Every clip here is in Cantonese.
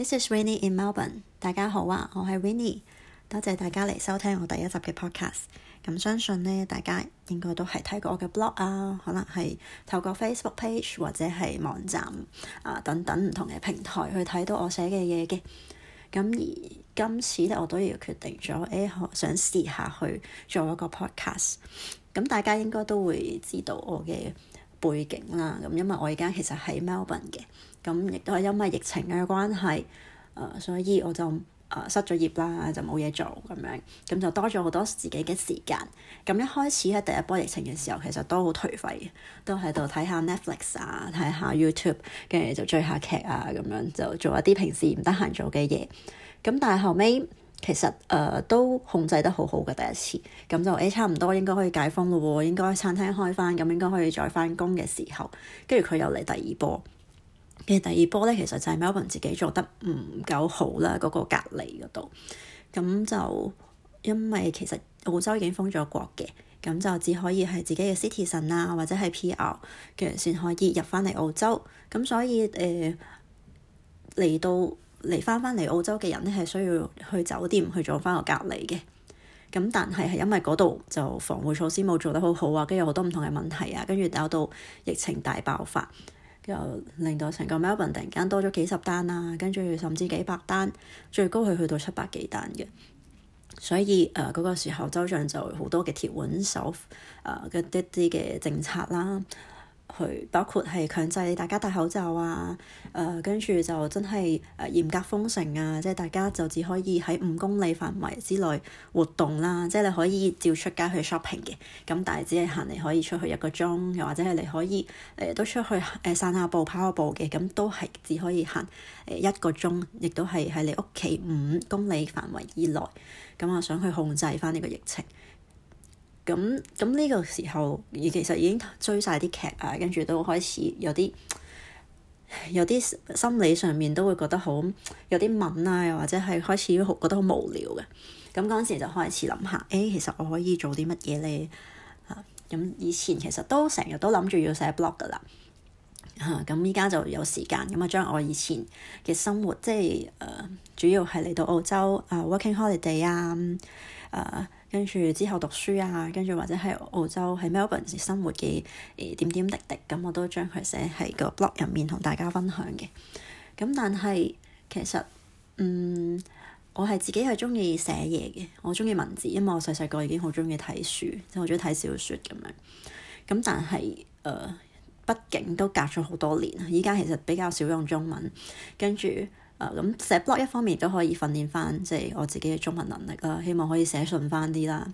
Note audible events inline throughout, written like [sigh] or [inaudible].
This is Winnie in Melbourne。大家好啊，我係 Winnie，多謝大家嚟收聽我第一集嘅 podcast。咁相信呢，大家應該都係睇過我嘅 blog 啊，可能係透過 Facebook page 或者係網站啊等等唔同嘅平台去睇到我寫嘅嘢嘅。咁而今次咧，我都要決定咗，誒、欸，想試下去做一個 podcast。咁大家應該都會知道我嘅。背景啦，咁因為我而家其實喺 Melbourne 嘅，咁亦都係因為疫情嘅關係，所以我就失咗業啦，就冇嘢做咁樣，咁就多咗好多自己嘅時間。咁一開始喺第一波疫情嘅時候，其實都好頹廢，都喺度睇下 Netflix 啊，睇下 YouTube，跟住就追下劇啊，咁樣就做一啲平時唔得閒做嘅嘢。咁但係後尾。其實誒、呃、都控制得好好嘅第一次，咁就誒、欸、差唔多應該可以解封咯喎，應該餐廳開翻，咁應該可以再翻工嘅時候，跟住佢又嚟第二波。跟住第二波咧，其實就係 Melbourne 自己做得唔夠好啦，嗰、嗰個隔離嗰度。咁就因為其實澳洲已經封咗國嘅，咁就只可以係自己嘅 citizen 啊，或者係 PR 嘅人先可以入翻嚟澳洲。咁所以誒嚟、呃、到。嚟翻翻嚟澳洲嘅人咧，係需要去酒店去做翻個隔離嘅。咁但係係因為嗰度就防護措施冇做得好好啊，跟住好多唔同嘅問題啊，跟住搞到疫情大爆發，又令到成個 Melbourne 突然間多咗幾十單啊，跟住甚至幾百單，最高係去到七百幾單嘅。所以誒，嗰、呃嗰個時候州長就好多嘅鐵腕手誒嘅一啲嘅政策啦。去包括係強制大家戴口罩啊，誒跟住就真係誒嚴格封城啊，即係大家就只可以喺五公里範圍之內活動啦，即係你可以照出街去，去 shopping 嘅，咁但係只係行嚟可以出去一個鐘，又或者係你可以誒、呃、都出去誒、呃、散下步、跑下步嘅，咁都係只可以行誒一個鐘，亦都係喺你屋企五公里範圍以內，咁啊想去控制返呢個疫情。咁咁呢個時候，而其實已經追晒啲劇啊，跟住都開始有啲有啲心理上面都會覺得好有啲悶啊，又或者係開始好覺得好無聊嘅。咁嗰陣時就開始諗下，誒、欸，其實我可以做啲乜嘢咧？啊，咁以前其實都成日都諗住要寫 blog 噶啦。嚇、啊，咁依家就有時間，咁啊將我以前嘅生活，即係誒、啊，主要係嚟到澳洲啊，working holiday 啊，誒、啊。跟住之後讀書啊，跟住或者喺澳洲喺 Melbourne 生活嘅誒點點滴滴，咁我都將佢寫喺個 blog 入面同大家分享嘅。咁但係其實，嗯，我係自己係中意寫嘢嘅，我中意文字，因為我細細個已經好中意睇書，即係好中意睇小説咁樣。咁但係誒、呃，畢竟都隔咗好多年，依家其實比較少用中文，跟住。誒咁寫 blog 一方面都可以訓練翻，即係我自己嘅中文能力啦。希望可以寫順翻啲啦。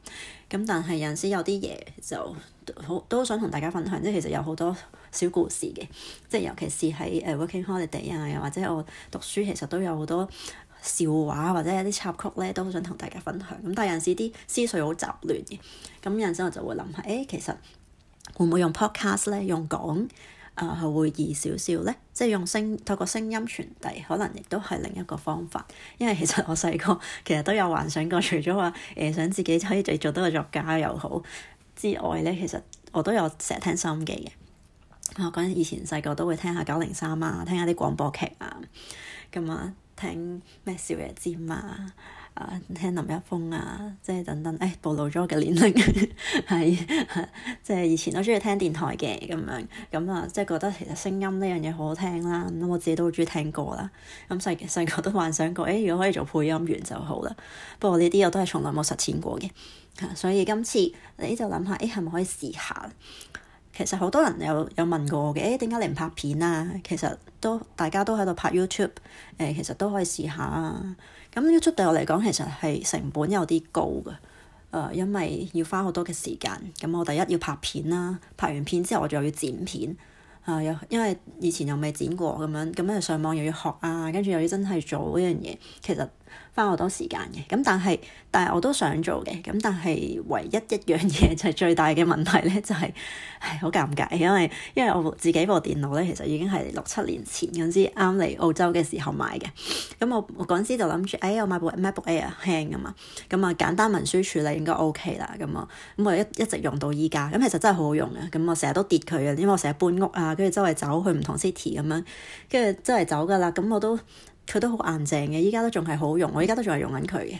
咁但係有陣時有啲嘢就好都想同大家分享，即係其實有好多小故事嘅，即係尤其是喺 working holiday 啊，又或者我讀書其實都有好多笑話或者一啲插曲咧，都好想同大家分享。咁但係有陣時啲思緒好雜亂嘅，咁有陣時我就會諗下，誒、欸、其實會唔會用 podcast 咧，用講？啊、呃，會易少少咧，即係用聲透過聲音傳遞，可能亦都係另一個方法。因為其實我細個其實都有幻想過，除咗話誒想自己可以做做多個作家又好之外咧，其實我都有成日聽收音機嘅。我、啊、講以前細個都會聽下九零三啊，聽下啲廣播劇啊，咁啊，聽咩《少夜尖》啊。啊，聽林一峰啊，即係等等，誒、哎、暴露咗我嘅年齡係 [laughs] 即係以前都中意聽電台嘅咁樣，咁啊即係覺得其實聲音呢樣嘢好好聽啦，咁我自己都好中意聽歌啦，咁細細個都幻想過，誒、哎、如果可以做配音員就好啦，不過呢啲我都係從來冇實踐過嘅、啊，所以今次你就諗下，誒係咪可以試下？其實好多人有有問過我嘅，誒點解你唔拍片啊？其實都大家都喺度拍 YouTube，誒、哎、其實都可以試下啊！咁 YouTube 對我嚟講，其實係成本有啲高嘅，誒、呃，因為要花好多嘅時間。咁我第一要拍片啦，拍完片之後我仲要剪片，啊、呃，又因為以前又未剪過咁樣，咁樣上網又要學啊，跟住又真要真係做呢樣嘢，其實。花好多時間嘅，咁但係但係我都想做嘅，咁但係唯一一樣嘢就係最大嘅問題咧，就係，唉，好尷尬，因為因為我自己部電腦咧，其實已經係六七年前嗰陣時啱嚟澳洲嘅時候買嘅，咁我我嗰陣時就諗住，哎，我買部 MacBook Air 輕啊嘛，咁啊簡單文書處理應該 OK 啦，咁啊咁我一一直用到依家，咁其實真係好好用嘅，咁我成日都跌佢啊，因為我成日搬屋啊，跟住周圍走去唔同 city 咁樣，跟住周圍走噶啦，咁我都。佢都好硬淨嘅，依家都仲係好用，我依家都仲係用緊佢嘅。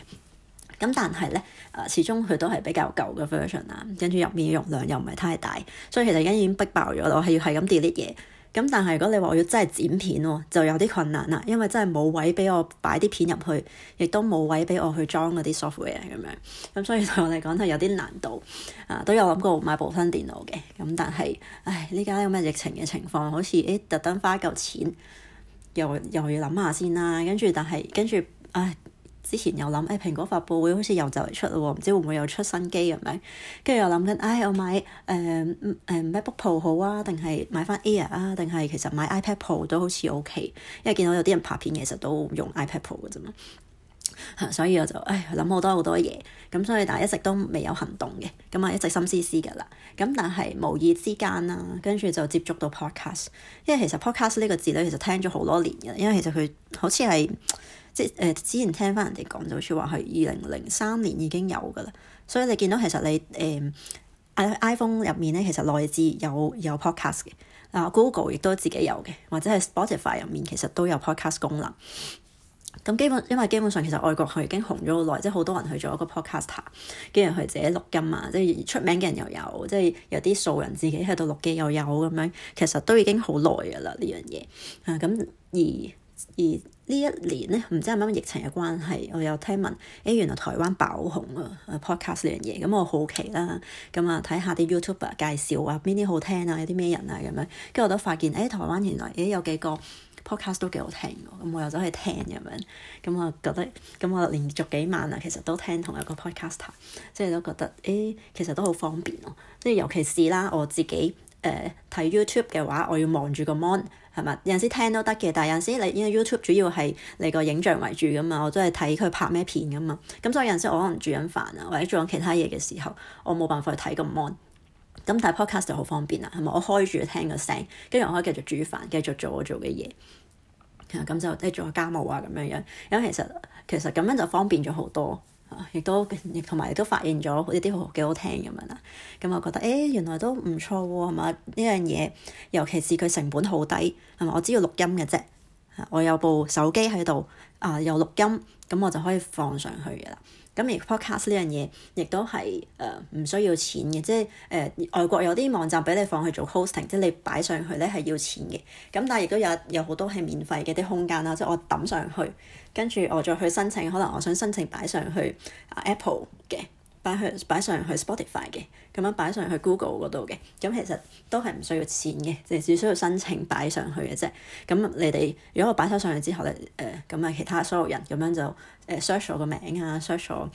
咁但係咧，誒始終佢都係比較舊嘅 version 啦，跟住入面嘅容量又唔係太大，所以其實而家已經逼爆咗啦。我係要係咁 delete 嘢，咁但係如果你話我要真係剪片，就有啲困難啦，因為真係冇位俾我擺啲片入去，亦都冇位俾我去裝嗰啲 software 咁樣。咁所以對我嚟講係有啲難度。啊，都有諗過買部新電腦嘅，咁但係，唉，呢家咁嘅疫情嘅情況，好似誒、哎、特登花嚿錢。又又要諗下先啦，跟住但係跟住，唉，之前又諗，唉、欸，蘋果發布會好似又就嚟出嘞喎，唔知會唔會又出新機咁樣。跟住又諗緊，唉，我買誒誒 MacBook Pro 好啊，定係買翻 Air 啊，定係其實買 iPad Pro 都好似 OK，因為見到有啲人拍片其實都用 iPad Pro 嘅啫嘛。嗯、所以我就誒諗好多好多嘢，咁所以但係一直都未有行動嘅，咁啊一直心思思㗎喇。咁但係無意之間啦，跟住就接觸到 podcast，因為其實 podcast 呢個字咧，其實聽咗好多年嘅，因為其實佢好似係即誒、呃、之前聽返人哋講就好似話係二零零三年已經有㗎喇。所以你見到其實你誒、呃、iPhone 入面咧，其實內置有有 podcast 嘅，嗱 Google 亦都自己有嘅，或者係 Spotify 入面其實都有 podcast 功能。咁基本，因為基本上其實外國佢已經紅咗好耐，即係好多人去做一個 podcaster，跟住佢自己錄音啊，即係出名嘅人又有，即係有啲素人自己喺度錄嘅又有咁樣，其實都已經好耐㗎啦呢樣嘢啊！咁而而呢一年呢，唔知係咪因為疫情嘅關係，我又聽聞誒、哎、原來台灣爆紅啊 podcast 呢樣嘢，咁我好奇啦，咁啊睇下啲 YouTuber 介紹啊邊啲好聽啊，有啲咩人啊咁樣，跟住我都發現誒、哎、台灣原來誒有幾個。podcast 都幾好聽㗎，咁我又走去聽咁樣，咁我覺得，咁我連續幾晚啊，其實都聽同一個 podcast 即係都覺得，誒、欸，其實都好方便咯。即係尤其是啦，我自己誒睇、呃、YouTube 嘅話，我要望住個 mon 係咪？有陣時聽都得嘅，但係有陣時你因為 YouTube 主要係你個影像為主㗎嘛，我都係睇佢拍咩片㗎嘛。咁所以有陣時我可能煮緊飯啊，或者做緊其他嘢嘅時候，我冇辦法去睇個 mon。咁但係 podcast 就好方便啦，係咪？我開住聽個聲，跟住我可以繼續煮飯，繼續做我做嘅嘢，嚇咁就即係做個家務啊，咁樣樣。咁其實其實咁樣就方便咗好多，亦、啊、都同埋亦都發現咗呢啲好幾好聽咁樣啦。咁、啊嗯、我覺得誒、欸、原來都唔錯喎、啊，係嘛？呢樣嘢尤其是佢成本好低，係咪？我只要錄音嘅啫、啊，我有部手機喺度啊，有錄音，咁我就可以放上去嘅啦。咁而 podcast 呢樣嘢亦都係誒唔需要錢嘅，即係誒、呃、外國有啲網站俾你放去做 hosting，即係你擺上去咧係要錢嘅。咁但係亦都有有好多係免費嘅啲空間啦，即係我抌上去，跟住我再去申請，可能我想申請擺上去 Apple 嘅。擺去擺上去 Spotify 嘅，咁樣擺上去 Google 嗰度嘅，咁其實都係唔需要錢嘅，就係只需要申請擺上去嘅啫。咁你哋如果我擺咗上去之後咧，誒咁啊其他所有人咁樣就誒 search 我個名啊，search 我。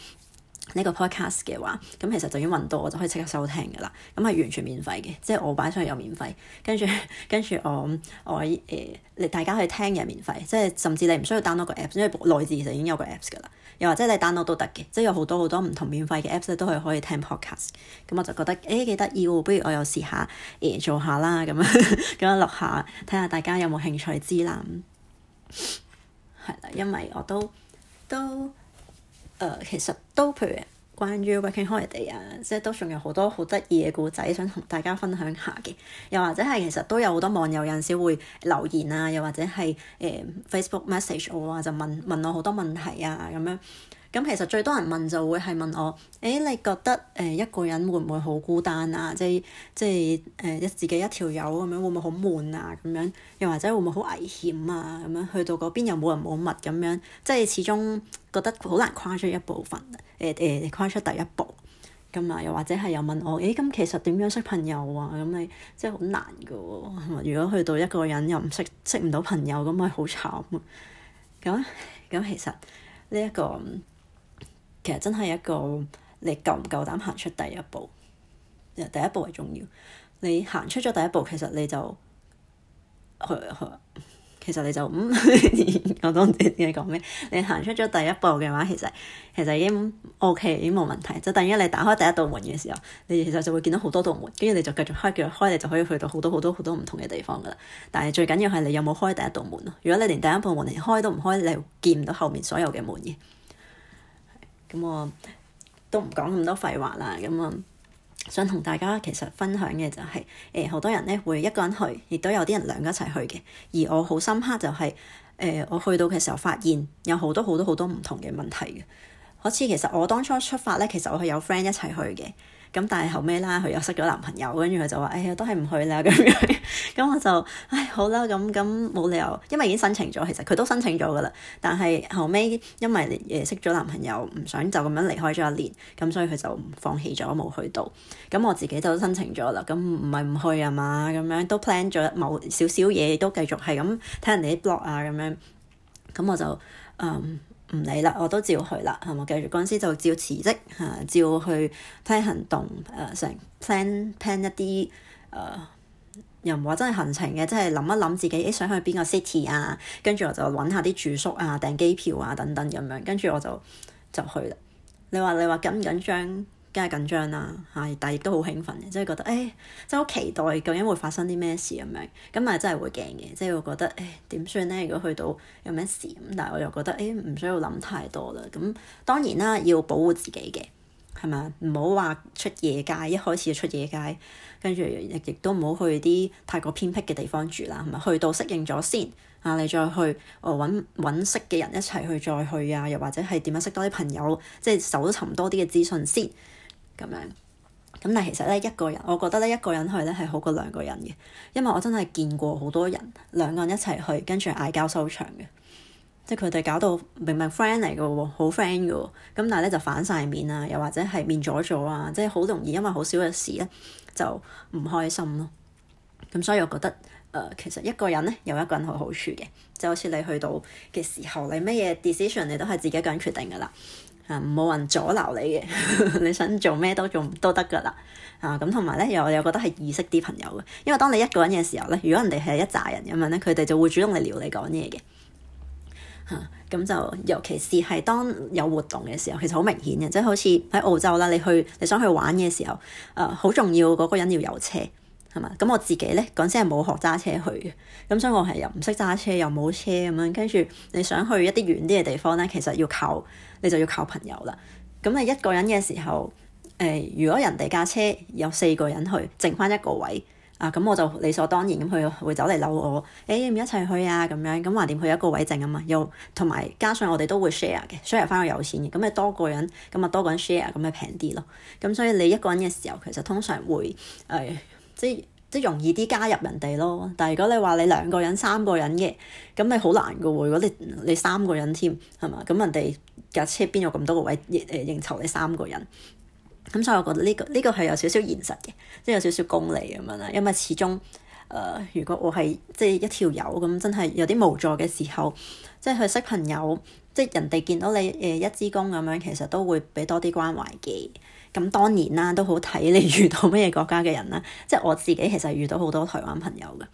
呢個 podcast 嘅話，咁其實就已經揾到，我就可以即刻收聽㗎喇。咁係完全免費嘅，即係我擺上去有免費，跟住跟住我我誒，你、呃、大家去聽又免費，即係甚至你唔需要 download 個 apps 因為內置其實已經有個 apps 㗎喇。又或者你 download 都得嘅，即係有好多好多唔同免費嘅 apps 都係可以聽 podcast。咁我就覺得誒幾得意喎、哦，不如我又試下誒、呃、做下啦，咁樣咁 [laughs] 樣錄下，睇下大家有冇興趣知啦。係 [laughs] 啦，因為我都都。誒、呃，其實都譬如關於 Working Holiday 啊，即係都仲有好多好得意嘅故仔想同大家分享下嘅，又或者係其實都有好多網友有陣時會留言啊，又或者係誒、呃、Facebook message 我啊，就問問我好多問題啊咁樣。咁其實最多人問就會係問我：誒、欸，你覺得誒、呃、一個人會唔會好孤單啊？即係即係誒一自己一條友咁樣會唔會好悶啊？咁樣又或者會唔會好危險啊？咁樣去到嗰邊又冇人冇物咁樣，即係始終覺得好難跨出一部分誒誒、呃呃、跨出第一步咁啊？又或者係又問我：誒、欸、咁、嗯、其實點樣識朋友啊？咁你即係好難嘅喎。如果去到一個人又唔識識唔到朋友咁咪好慘，咁，咁其實呢、這、一個。其實真係一個你夠唔夠膽行出第一步？第一步係重要。你行出咗第一步，其實你就，其實你就，嗯， [laughs] 我都唔知你講咩？你行出咗第一步嘅話，其實其實已經 OK，已經冇問題。就等於你打開第一道門嘅時候，你其實就會見到好多道門，跟住你就繼續開，繼續開，你就可以去到好多好多好多唔同嘅地方噶啦。但係最緊要係你有冇開第一道門？如果你連第一道門你開都唔開，你見唔到後面所有嘅門嘅。咁我都唔講咁多廢話啦，咁我想同大家其實分享嘅就係、是，誒、欸、好多人咧會一個人去，亦都有啲人兩個一齊去嘅。而我好深刻就係、是，誒、欸、我去到嘅時候發現有好多好多好多唔同嘅問題嘅。好似其實我當初出發咧，其實我係有 friend 一齊去嘅。咁但係後尾啦，佢又識咗男朋友，跟住佢就話：哎呀，都係唔去啦咁樣。咁我就，唉，好啦，咁咁冇理由，因為已經申請咗，其實佢都申請咗噶啦。但係後尾，因為誒識咗男朋友，唔想就咁樣離開咗一年，咁所以佢就放棄咗，冇去到。咁我自己就申請咗啦，咁唔係唔去啊嘛？咁樣都 plan 咗某少少嘢，都繼續係咁睇人哋啲 blog 啊，咁樣。咁我就，嗯。唔理啦，我都照去啦，係嘛？跟住嗰陣時就照辭職嚇，啊，照去 plan 行動，誒、呃、成 plan plan 一啲誒、呃，又唔話真係行程嘅，即係諗一諗自己誒想去邊個 city 啊，跟住我就揾下啲住宿啊、訂機票啊等等咁樣，跟住我就就去啦。你話你話緊唔緊張？梗係緊張啦，但係亦都好興奮嘅，即係覺得誒，真係好期待究竟會發生啲咩事咁樣。咁啊，真係會驚嘅，即係會覺得誒點算呢？如果去到有咩事咁，但係我又覺得誒唔需要諗太多啦。咁當然啦，要保護自己嘅係咪唔好話出夜街，一開始就出夜街，跟住亦都唔好去啲太過偏僻嘅地方住啦。係咪去到適應咗先啊？你再去搵識嘅人一齊去再去啊，又或者係點樣識多啲朋友，即係搜尋多啲嘅資訊先。咁樣，咁但係其實咧，一個人，我覺得咧，一個人去咧係好過兩個人嘅，因為我真係見過好多人兩個人一齊去，跟住嗌交收場嘅，即係佢哋搞到明明 friend 嚟嘅喎，好 friend 嘅喎，咁但係咧就反晒面啊，又或者係面咗咗啊，即係好容易，因為好少嘅事咧就唔開心咯。咁所以我覺得，誒、呃，其實一個人咧有一個人嘅好處嘅，就好似你去到嘅時候，你乜嘢 decision 你都係自己一個人決定嘅啦。啊！冇人阻留你嘅， [laughs] 你想做咩都做都得㗎喇。啊咁，同埋咧又又覺得係意識啲朋友嘅，因為當你一個人嘅時候咧，如果人哋係一扎人咁樣咧，佢哋就會主動嚟撩你講嘢嘅。嚇、啊、咁就尤其是係當有活動嘅時候，其實好明顯嘅，即、就、係、是、好似喺澳洲啦，你去你想去玩嘅時候，誒、啊、好重要嗰、那個人要有車。係嘛，咁我自己咧嗰陣時係冇學揸車去嘅，咁所以我係又唔識揸車，又冇車咁樣。跟住你想去一啲遠啲嘅地方咧，其實要靠你就要靠朋友啦。咁你一個人嘅時候，誒、欸、如果人哋架車有四個人去，剩翻一個位啊，咁我就理所當然咁佢會走嚟扭我。誒、欸、要唔要一齊去啊？咁樣咁話點？佢一個位剩啊嘛，又同埋加上我哋都會 share 嘅 share 翻個油錢嘅，咁誒多個人咁啊多個人 share 咁咪平啲咯。咁所以你一個人嘅時候，其實通常會誒。哎即即容易啲加入人哋咯，但係如果你話你兩個人，三個人嘅，咁你好難噶喎。如果你你三個人添，係嘛，咁人哋架車邊有咁多個位，誒應酬你三個人，咁所以我覺得呢、這個呢、這個係有少少現實嘅，即係有少少功利咁樣啦。因為始終，誒、呃、如果我係即係一條友咁，真係有啲無助嘅時候，即係去識朋友。即係人哋見到你誒一支公咁樣，其實都會畀多啲關懷嘅。咁當然啦，都好睇你遇到咩國家嘅人啦。即係我自己其實遇到好多台灣朋友嘅，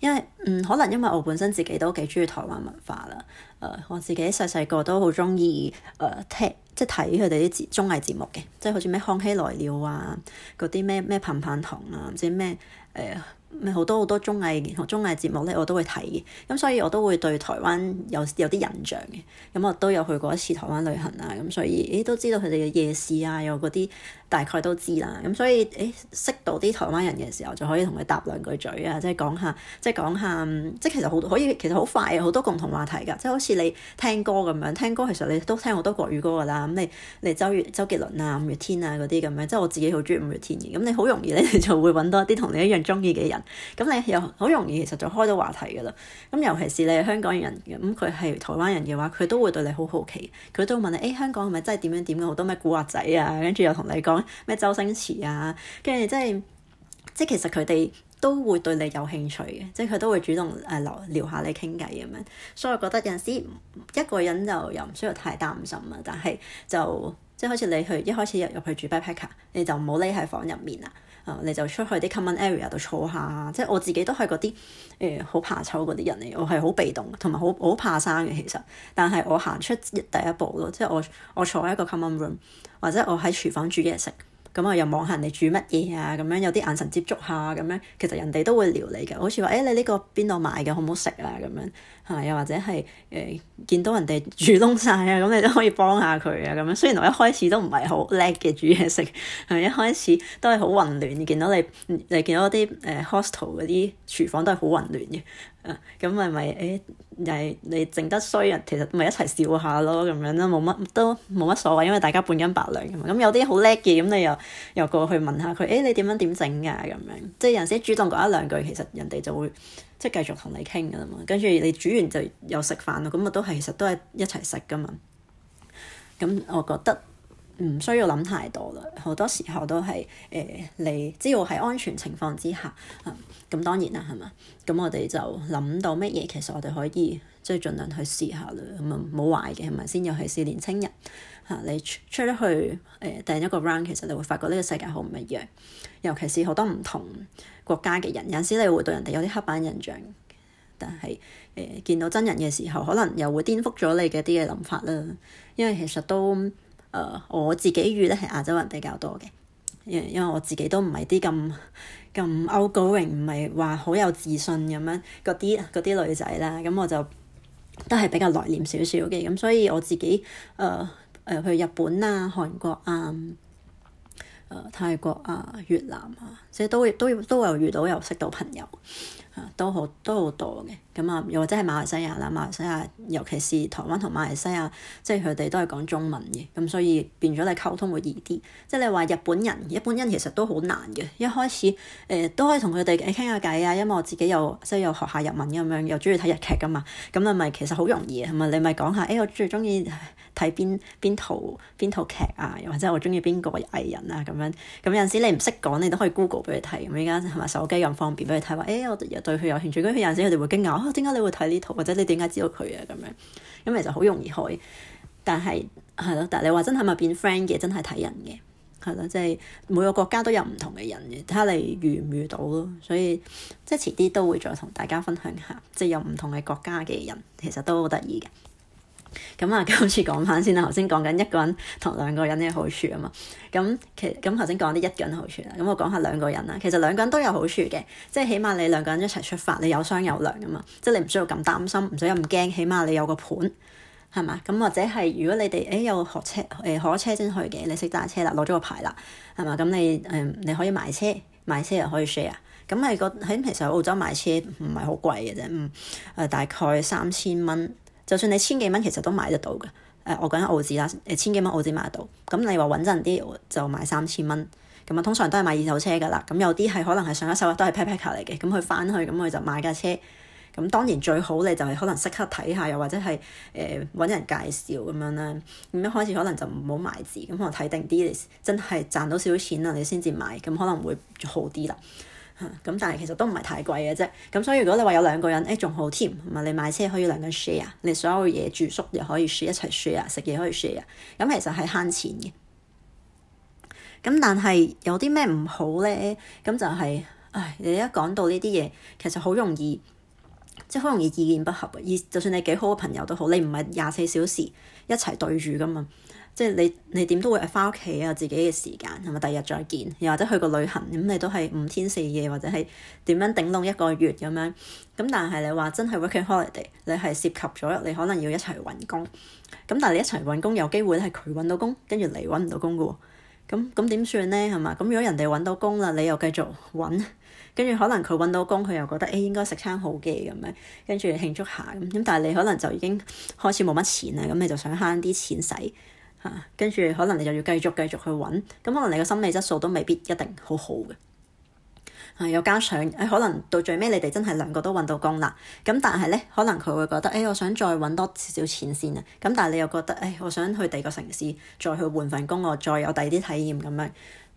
因為，嗯，可能因為我本身自己都幾中意台灣文化啦。誒、呃，我自己細細個都好中意誒睇即係睇佢哋啲綜藝節目嘅，即係好似咩康熙來了啊，嗰啲咩咩棒棒堂啊，唔知咩誒。呃咪好多好多綜藝同綜藝節目咧，我都會睇嘅。咁所以我都會對台灣有有啲印象嘅。咁我都有去過一次台灣旅行啦、啊。咁所以咦、欸、都知道佢哋嘅夜市啊，有嗰啲。大概都知啦，咁、嗯、所以誒識到啲台灣人嘅時候，就可以同佢搭兩句嘴啊，即係講下，即係講下，嗯、即係其實好可以，其實好快好多共同話題㗎，即係好似你聽歌咁樣，聽歌其實你都聽好多國語歌㗎啦，咁你你周月周杰倫啊、五月天啊嗰啲咁樣，即係我自己好中意五月天嘅，咁你好容易咧你就會揾多一啲同你一樣中意嘅人，咁你又好容易其實就開到話題㗎啦，咁尤其是你係香港人嘅，咁佢係台灣人嘅話，佢都會對你好好奇，佢都會問你誒香港係咪真係點樣點㗎，好多咩古惑仔啊，跟住又同你講。咩周星馳啊，跟住即係，即係其實佢哋都會對你有興趣嘅，即係佢都會主動誒聊聊下你傾偈咁樣，所以我覺得有陣時一個人就又唔需要太擔心啊，但係就即係好似你去一開始入入去，去住 backpacker，你就唔好匿喺房入面啊。啊！Uh, 你就出去啲 common area 度坐下，即係我自己都係嗰啲誒好怕醜嗰啲人嚟，我係好被動，同埋好好怕生嘅其實。但係我行出第一步咯，即係我我坐喺一個 common room，或者我喺廚房煮嘢食，咁啊又望下人哋煮乜嘢啊，咁樣有啲眼神接觸下咁樣，其實人哋都會撩你嘅，好似話誒你呢個邊度買嘅，好唔好食啊咁樣。係，又或者係誒、呃、見到人哋煮東西啊，咁你都可以幫下佢啊，咁樣。雖然我一開始都唔係好叻嘅煮嘢食，係咪一開始都係好混亂。見到你，你見到啲誒、呃、hostel 嗰啲廚房都係好混亂嘅。啊，咁係咪誒？又係你整得衰，其實咪一齊笑下咯，咁樣啦，冇乜都冇乜所謂，因為大家半斤八兩嘅嘛。咁有啲好叻嘅，咁你又又過去問下佢，誒、欸、你點樣點整㗎？咁樣，樣，樣即係有時主動講一兩句，其實人哋就會。即係繼續同你傾㗎啦嘛，跟住你煮完就又食飯咯，咁啊都係其實都係一齊食㗎嘛。咁我覺得唔需要諗太多啦，好多時候都係誒、呃、你只要喺安全情況之下啊，咁、嗯、當然啦，係嘛？咁我哋就諗到乜嘢，其實我哋可以即係、就是、盡量去試下啦，咁啊冇壞嘅係咪先？尤其是年青人吓、嗯，你出出去誒第、呃、一個 round，其實你會發覺呢個世界好唔一樣，尤其是好多唔同。國家嘅人，有時你會對人哋有啲刻板印象，但係誒、呃、見到真人嘅時候，可能又會顛覆咗你嘅啲嘅諗法啦。因為其實都誒、呃、我自己遇得係亞洲人比較多嘅，因因為我自己都唔係啲咁咁 outgoing，唔係話好有自信咁樣嗰啲啲女仔啦，咁我就都係比較內斂少少嘅，咁所以我自己誒誒、呃呃、去日本啊、韓國啊。誒、呃、泰國啊、越南啊，即係都會、都都有遇到又識到朋友。都好都好多嘅，咁啊又或者係馬來西亞啦，馬來西亞尤其是台灣同馬來西亞，即係佢哋都係講中文嘅，咁所以變咗你溝通會易啲。即係你話日本人，日本人其實都好難嘅，一開始誒、呃、都可以同佢哋傾下偈啊，因為我自己又即係又學下日文咁樣，又中意睇日劇噶嘛，咁你咪其實好容易係咪？你咪講下誒，我最中意睇邊邊套邊套劇啊，又或者我中意邊個藝人啊咁樣。咁有陣時你唔識講，你都可以 Google 俾佢睇，咁而家係咪手機咁方便俾佢睇？話誒、欸，我對佢有興趣，咁有時佢哋會驚訝，哦，啊，點解你會睇呢套，或者你點解知道佢啊？咁樣，咁其實好容易去，但係，係咯，但係你話真係咪變 friend 嘅，真係睇人嘅，係咯，即係每個國家都有唔同嘅人，睇下你遇唔遇到咯。所以即係遲啲都會再同大家分享下，即係有唔同嘅國家嘅人，其實都好得意嘅。咁啊，今次講翻先啦。頭先講緊一個人同兩個人嘅好處啊嘛。咁其咁頭先講啲一個人好處啦，咁我講下兩個人啦。其實兩個人都有好處嘅，即係起碼你兩個人一齊出發，你有商有量啊嘛。即係你唔需要咁擔心，唔需要咁驚，起碼你有個盤，係嘛？咁或者係如果你哋誒、欸、有學車，誒、欸、學咗車先去嘅，你識揸車啦，攞咗個牌啦，係嘛？咁你誒、嗯、你可以買車，買車又可以 share。咁係個喺其實澳洲買車唔係好貴嘅啫，嗯、呃、誒，大概三千蚊。就算你千幾蚊其實都買得到嘅，誒、呃，我講緊澳紙啦，誒、呃，千幾蚊澳紙買得到。咁你話穩陣啲，就買三千蚊。咁啊，通常都係買二手車噶啦。咁有啲係可能係上一手都係 Pepeka 嚟嘅。咁佢翻去，咁佢就買架車。咁當然最好你就係可能即刻睇下，又或者係誒揾人介紹咁樣啦。咁一開始可能就唔好買字，咁我睇定啲，真係賺到少少錢啦，你先至買，咁可能會好啲啦。咁但係其實都唔係太貴嘅啫。咁所以如果你話有兩個人，誒、哎、仲好添，唔係你買車可以兩個人 share，你所有嘢住宿又可以 share 一齊 share，食嘢可以 share。咁其實係慳錢嘅。咁但係有啲咩唔好咧？咁就係、是、唉，你一講到呢啲嘢，其實好容易即係好容易意見不合。而就算你幾好嘅朋友都好，你唔係廿四小時一齊對住噶嘛。即係你，你點都會係返屋企啊，自己嘅時間係咪？第二日再見，又或者去個旅行咁，你都係五天四夜，或者係點樣頂籠一個月咁樣咁。但係你話真係 working holiday，你係涉及咗你可能要一齊揾工咁。但係你一齊揾工有機會係佢揾到工，跟住你揾唔到工嘅喎。咁咁點算呢？係嘛咁？如果人哋揾到工啦，你又繼續揾，跟住可能佢揾到工，佢又覺得誒、欸、應該食餐好嘅咁樣，跟住慶祝下咁。咁但係你可能就已經開始冇乜錢啦，咁你就想慳啲錢使。跟住、啊、可能你就要繼續繼續去揾，咁可能你個心理質素都未必一定好好嘅。又加上誒，可能到最尾你哋真係兩個都揾到工啦。咁但係呢，可能佢會覺得誒、哎，我想再揾多少少錢先啊。咁但係你又覺得誒、哎，我想去第二個城市再去換份工，我再有第二啲體驗咁樣。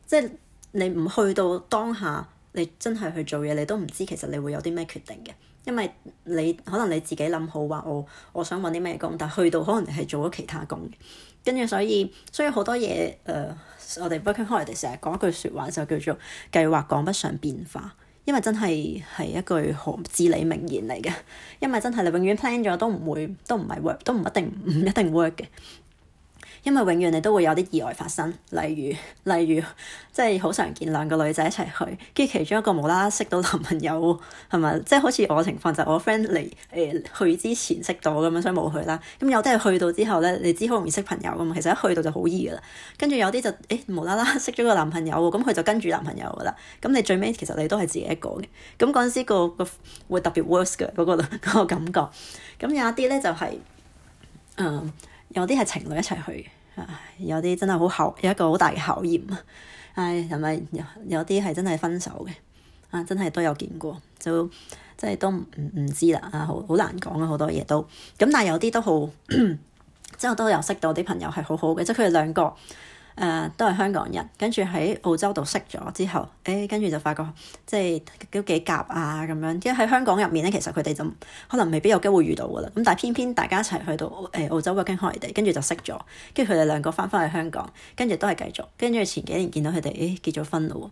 即係你唔去到當下，你真係去做嘢，你都唔知其實你會有啲咩決定嘅，因為你可能你自己諗好話我我想揾啲咩工，但去到可能你係做咗其他工。跟住所以，所以好多嘢，誒、呃，我哋 working holiday 成日講一句說話就叫做計劃趕不上變化，因為真係，係一句好至理名言嚟嘅。因為真係，你永遠 plan 咗都唔會，都唔係 work，都唔一定唔一定 work 嘅。因為永遠你都會有啲意外發生，例如例如即係好常見兩個女仔一齊去，跟住其中一個無啦啦識到男朋友，係咪？即係好似我情況就我 friend 嚟誒去之前識到咁樣，所以冇去啦。咁有啲係去到之後咧，你知好容易識朋友噶嘛，其實一去到就好易噶啦。跟住有啲就誒、欸、無啦啦識咗個男朋友喎，咁佢就跟住男朋友噶啦。咁你最尾其實你都係自己一個嘅。咁嗰陣時、嗰個、嗰個會特別 worst 嗰個感覺。咁有一啲咧就係、係、誒。嗯有啲係情侶一齊去，啊有啲真係好考，有一個好大嘅考驗啊！唉，係咪有啲係真係分手嘅啊？真係都有見過，就即係都唔唔知啦啊！好好難講啊，好多嘢都咁，但係有啲都好， [coughs] 即係我都有識到啲朋友係好好嘅，即係佢哋兩個。Uh, 都係香港人，跟住喺澳洲度識咗之後，誒跟住就發覺即係都幾夾啊咁樣。即係喺香港入面咧，其實佢哋就可能未必有機會遇到噶啦。咁但係偏偏大家一齊去到誒澳洲 working holiday，跟住就識咗。跟住佢哋兩個翻返去香港，跟住都係繼續。跟住前幾年見到佢哋誒結咗婚啦喎。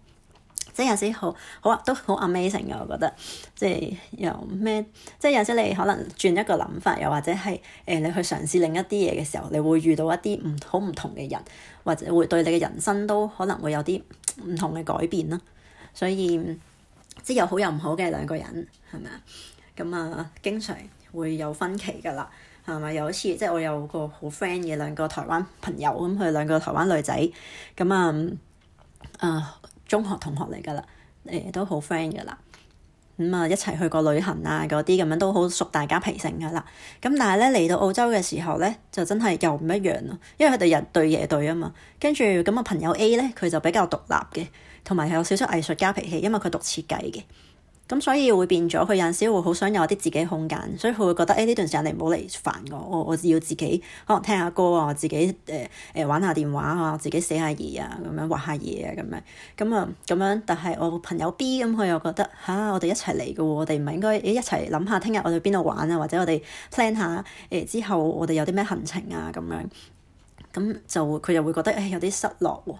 即係有時好，好都好 amazing 嘅，我覺得。即係有咩，即係有時你可能轉一個諗法，又或者係誒、呃、你去嘗試另一啲嘢嘅時候，你會遇到一啲唔好唔同嘅人，或者會對你嘅人生都可能會有啲唔同嘅改變咯。所以即係有好有唔好嘅兩個人，係咪啊？咁啊，經常會有分歧㗎啦，係咪啊？有一次，即係我有個好 friend 嘅兩個台灣朋友，咁佢兩個台灣女仔，咁啊，啊～中學同學嚟噶啦，誒、欸、都好 friend 噶啦，咁、嗯、啊一齊去過旅行啊嗰啲咁樣都好熟，大家脾性噶啦。咁但係咧嚟到澳洲嘅時候咧，就真係又唔一樣咯，因為佢哋日對夜對啊嘛。跟住咁啊朋友 A 咧，佢就比較獨立嘅，同埋有少少藝術家脾氣，因為佢讀設計嘅。咁所以會變咗，佢有陣時會好想有啲自己空間，所以佢會覺得，誒、欸、呢段時間你唔好嚟煩我，我我要自己可能、啊、聽下歌啊，自己誒誒、呃呃、玩下電話啊，自己寫下嘢啊，咁樣畫下嘢啊，咁樣咁啊咁樣。但係我朋友 B 咁、嗯，佢又覺得吓、啊，我哋一齊嚟嘅喎，我哋唔係應該、欸、一齊諗下聽日我哋邊度玩啊，或者我哋 plan 下誒、欸、之後我哋有啲咩行程啊咁樣。咁就佢就會覺得誒、欸、有啲失落喎、啊。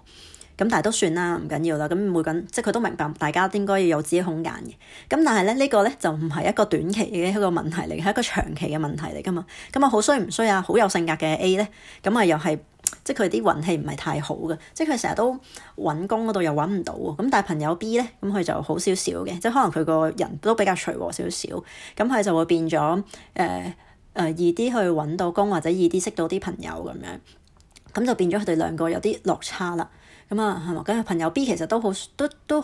咁但係都算啦，唔緊要啦。咁每個人即係佢都明白，大家應該要有自己空間嘅。咁但係咧，呢個咧就唔係一個短期嘅一個問題嚟，係一個長期嘅問題嚟噶嘛。咁啊，好衰唔衰啊？好有性格嘅 A 咧，咁啊又係即係佢啲運氣唔係太好嘅，即係佢成日都揾工嗰度又揾唔到喎。咁但係朋友 B 咧，咁佢就好少少嘅，即係可能佢個人都比較隨和少少，咁佢就會變咗誒誒易啲去揾到工或者易啲識到啲朋友咁樣，咁就變咗佢哋兩個有啲落差啦。咁啊，係嘛？跟住朋友 B 其實都好，都都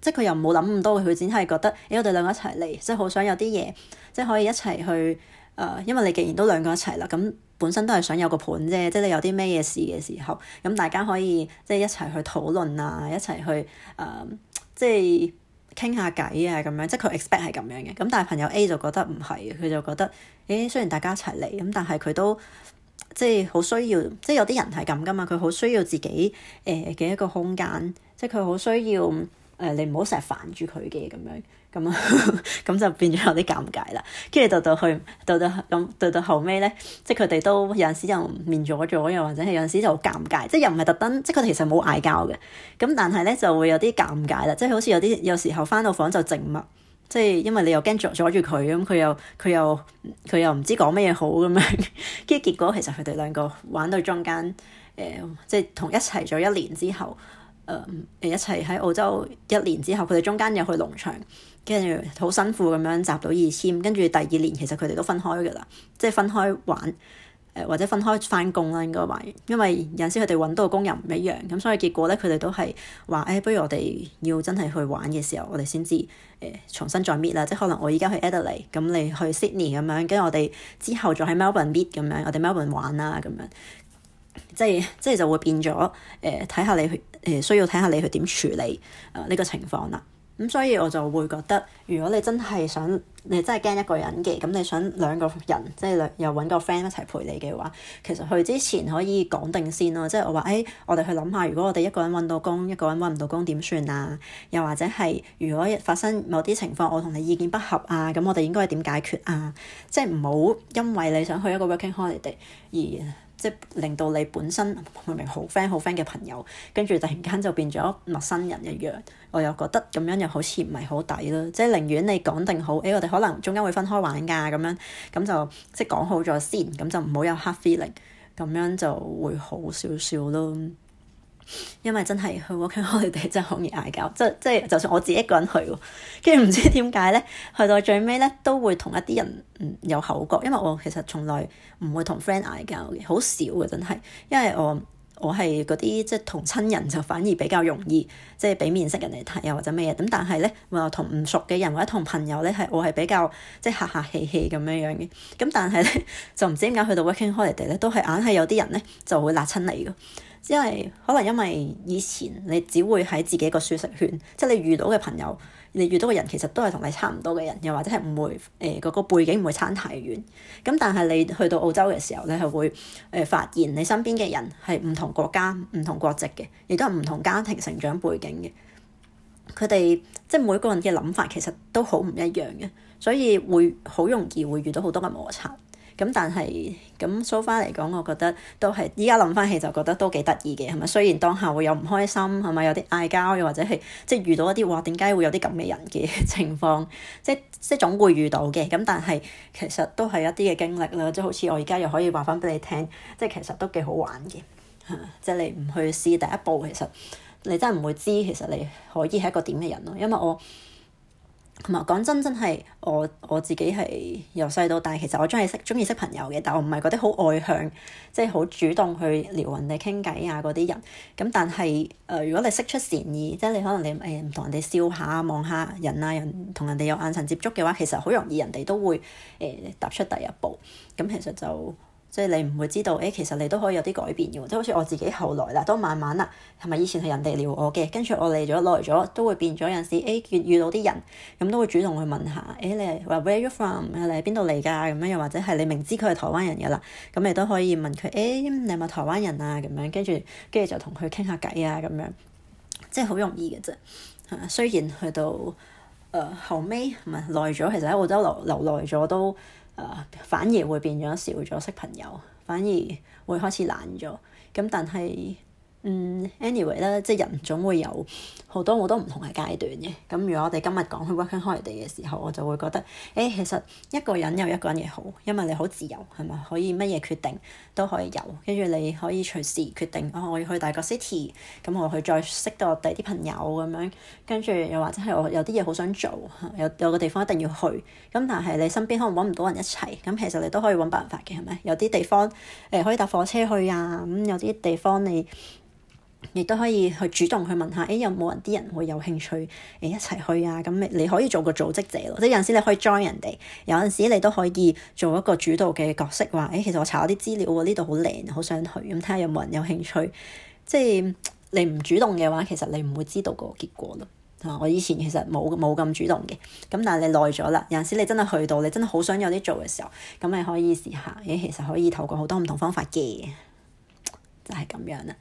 即係佢又冇諗咁多，佢只係覺得，誒、欸、我哋兩個一齊嚟，即係好想有啲嘢，即係可以一齊去，誒、呃，因為你既然都兩個一齊啦，咁本身都係想有個盤啫，即係你有啲咩嘢事嘅時候，咁、嗯、大家可以即係一齊去討論啊，一齊去誒、呃，即係傾下偈啊，咁樣，即係佢 expect 係咁樣嘅。咁但係朋友 A 就覺得唔係，佢就覺得，誒、欸、雖然大家一齊嚟，咁但係佢都。即係好需要，即係有啲人係咁噶嘛。佢好需要自己誒嘅、呃、一個空間，即係佢好需要誒、呃。你唔好成日煩住佢嘅咁樣咁啊，咁 [laughs] 就變咗有啲尷尬啦。跟住到到去到到咁到到後尾咧，即係佢哋都有陣時又面咗咗，又或者係有陣時就好尷尬，即係又唔係特登，即係佢哋其實冇嗌交嘅咁，但係咧就會有啲尷尬啦。即係好似有啲有時候返到房就靜默。即係因為你又驚阻阻住佢，咁佢又佢又佢又唔知講咩嘢好咁樣，跟 [laughs] 住結果其實佢哋兩個玩到中間，誒、呃、即係同一齊咗一年之後，誒、呃、一齊喺澳洲一年之後，佢哋中間又去農場，跟住好辛苦咁樣集到二千。跟住第二年其實佢哋都分開噶啦，即係分開玩。或者分開翻工啦，應該話，因為有時佢哋揾到嘅工人唔一樣，咁所以結果咧佢哋都係話，誒、哎，不如我哋要真係去玩嘅時候，我哋先至誒重新再 meet 啦。即係可能我而家去 Adelaide 咁你去 Sydney 咁樣，跟住我哋之後再喺 Melbourne meet 咁樣，我哋 Melbourne 玩啦咁樣。即係即係就會變咗誒，睇、呃、下你去誒、呃、需要睇下你去點處理啊呢、呃這個情況啦。咁所以我就會覺得，如果你真係想，你真係驚一個人嘅，咁你想兩個人，即係兩又揾個 friend 一齊陪你嘅話，其實去之前可以講定先咯。即係我話，誒、哎，我哋去諗下，如果我哋一個人揾到工，一個人揾唔到工點算啊？又或者係如果發生某啲情況，我同你意見不合啊，咁我哋應該係點解決啊？即係唔好因為你想去一個 working holiday 而即係令到你本身明明好 friend 好 friend 嘅朋友，跟住突然間就變咗陌生人一樣。我又覺得咁樣又好似唔係好抵咯。即係寧願你講定好，誒、哎，我哋。可能中間會分開玩㗎咁樣，咁就即係講好咗先，咁就唔好有 hard feeling，咁樣就會好，好少少咯。因為真係去 working holiday 真係好易嗌交，即即係就算我自己一個人去，跟住唔知點解咧，去到最尾咧都會同一啲人嗯有口角，因為我其實從來唔會同 friend 嗌交嘅，好少嘅真係，因為我。我係嗰啲即係同親人就反而比較容易，即係畀面識人嚟睇又或者咩嘢。咁但係咧我同唔熟嘅人或者同朋友咧係我係比較即係客客氣氣咁樣樣嘅。咁但係咧就唔知點解去到 working holiday 咧都係硬係有啲人咧就會辣親你嘅，因為可能因為以前你只會喺自己個舒適圈，即係你遇到嘅朋友。你遇到嘅人其實都係同你差唔多嘅人，又或者係唔會誒嗰個背景唔會差太遠。咁但係你去到澳洲嘅時候，你係會誒發現你身邊嘅人係唔同國家、唔同國籍嘅，亦都係唔同家庭成長背景嘅。佢哋即係每個人嘅諗法其實都好唔一樣嘅，所以會好容易會遇到好多嘅摩擦。咁但係咁收翻嚟講，我覺得都係依家諗翻起就覺得都幾得意嘅，係咪？雖然當下會有唔開心，係咪有啲嗌交，又或者係即係遇到一啲哇點解會有啲咁嘅人嘅情況，即係即係總會遇到嘅。咁但係其實都係一啲嘅經歷啦，即係好似我而家又可以話翻俾你聽，即係其實都幾好玩嘅。即係你唔去試第一步，其實你真係唔會知，其實你可以係一個點嘅人咯。因為我。同埋講真，真係我我自己係由細到大，其實我鍾意識鍾意識朋友嘅，但我唔係嗰啲好外向，即係好主動去撩人哋傾偈啊嗰啲人。咁但係，誒、呃、如果你識出善意，即係你可能你誒唔同人哋笑下望下人啊人，同人哋有眼神接觸嘅話，其實好容易人哋都會誒、欸、踏出第一步。咁、嗯、其實就。即係你唔會知道，誒、欸，其實你都可以有啲改變嘅，即都好似我自己後來啦，都慢慢啦，係咪以前係人哋撩我嘅，跟住我嚟咗耐咗，都會變咗有陣時，誒、欸、遇到啲人，咁都會主動去問下，誒、欸，你係話 where are you from 你喺邊度嚟㗎咁樣，又或者係你明知佢係台灣人㗎啦，咁你都可以問佢，誒、欸，你係咪台灣人啊咁樣，跟住跟住就同佢傾下偈啊咁樣，即係好容易嘅啫。雖然去到誒、呃、後尾，唔係耐咗，其實喺澳洲留留耐咗都。誒、uh，反而會變咗少咗識朋友，反而會開始懶咗。咁但係，a n y w a y 咧，嗯、anyway, 即係人總會有好多好多唔同嘅階段嘅。咁如果我哋今日講去 working holiday 嘅時候，我就會覺得，誒、欸，其實一個人有一個人嘅好，因為你好自由，係咪可以乜嘢決定都可以有，跟住你可以隨時決定啊、哦，我要去大角 city，咁我去再識到我第啲朋友咁樣，跟住又或者係我有啲嘢好想做，有有個地方一定要去，咁但係你身邊可能揾唔到人一齊，咁其實你都可以揾辦法嘅，係咪？有啲地方誒、呃、可以搭火車去啊，咁有啲地方你。亦都可以去主動去問下，誒有冇人啲人會有興趣誒一齊去啊？咁你可以做個組織者咯，即係有陣時你可以 join 人哋，有陣時你都可以做一個主導嘅角色，話誒、欸、其實我查咗啲資料，呢度好靚，好想去咁睇下有冇人有興趣。即係你唔主動嘅話，其實你唔會知道個結果咯、啊。我以前其實冇冇咁主動嘅，咁但係你耐咗啦，有陣時你真係去到，你真係好想有啲做嘅時候，咁你可以試下。誒、欸、其實可以透過好多唔同方法嘅，就係、是、咁樣啦。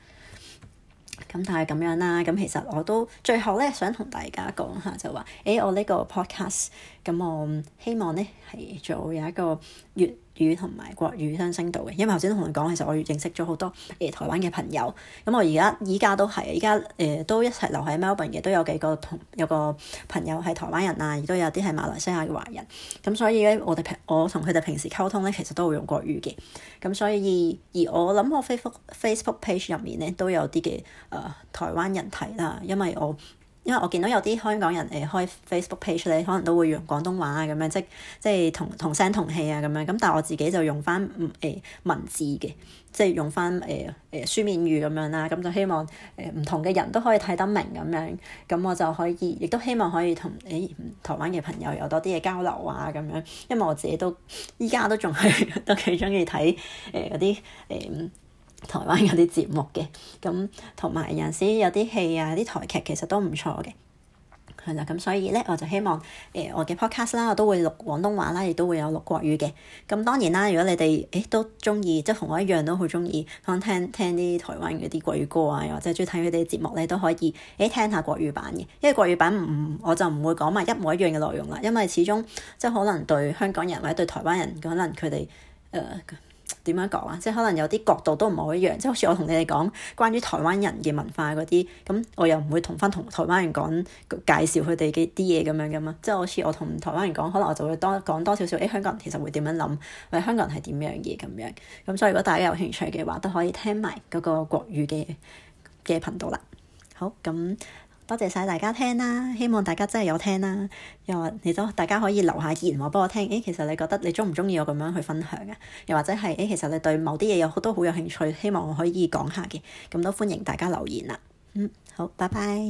咁但係咁樣啦，咁其實我都最後咧想同大家講下就話誒、欸、我呢個 podcast，咁我希望咧係做有一個越。語同埋國語相聲道嘅，因為頭先都同你講，其實我認識咗好多誒、欸、台灣嘅朋友，咁、嗯、我而家依家都係依家誒都一齊留喺 Melbourne 嘅，都有幾個同有個朋友係台灣人啊，亦都有啲係馬來西亞嘅華人，咁、嗯、所以咧我哋平我同佢哋平時溝通咧，其實都會用國語嘅。咁、嗯、所以而我諗我 Facebook Facebook page 入面咧都有啲嘅誒台灣人睇啦，因為我。因為我見到有啲香港人誒、呃、開 Facebook page 咧，可能都會用廣東話啊咁樣，即即係同同聲同氣啊咁樣。咁但係我自己就用翻唔、呃、文字嘅，即係用翻誒誒書面語咁樣啦。咁就希望誒唔、呃、同嘅人都可以睇得明咁樣。咁我就可以，亦都希望可以同誒、哎、台灣嘅朋友有多啲嘅交流啊咁樣。因為我自己都依家都仲係都幾鍾意睇誒嗰啲誒。呃台灣有啲節目嘅，咁同埋有陣時有啲戲啊，啲台劇其實都唔錯嘅，係啦。咁所以咧，我就希望誒、欸、我嘅 Podcast 啦，我都會錄廣東話啦，亦都會有錄國語嘅。咁當然啦，如果你哋誒、欸、都中意，即係同我一樣都好中意，可聽聽啲台灣嗰啲國語歌啊，或者中意睇佢哋嘅節目咧，都可以誒、欸、聽下國語版嘅，因為國語版唔，我就唔會講埋一模一樣嘅內容啦，因為始終即係可能對香港人或者對台灣人，可能佢哋誒。呃點樣講啊？即係可能有啲角度都唔係一樣，即係好似我同你哋講關於台灣人嘅文化嗰啲，咁我又唔會同翻同台灣人講介紹佢哋嘅啲嘢咁樣噶嘛。即係好似我同台灣人講，可能我就會多講多少少，誒、哎、香港人其實會點樣諗，或者香港人係點樣嘢咁樣。咁所以如果大家有興趣嘅話，都可以聽埋嗰個國語嘅嘅頻道啦。好咁。多謝晒大家聽啦，希望大家真係有聽啦。又話你都大家可以留下言話我幫我聽。誒、欸，其實你覺得你中唔中意我咁樣去分享啊？又或者係誒、欸，其實你對某啲嘢有好多好有興趣，希望我可以講下嘅，咁都歡迎大家留言啦。嗯，好，拜拜。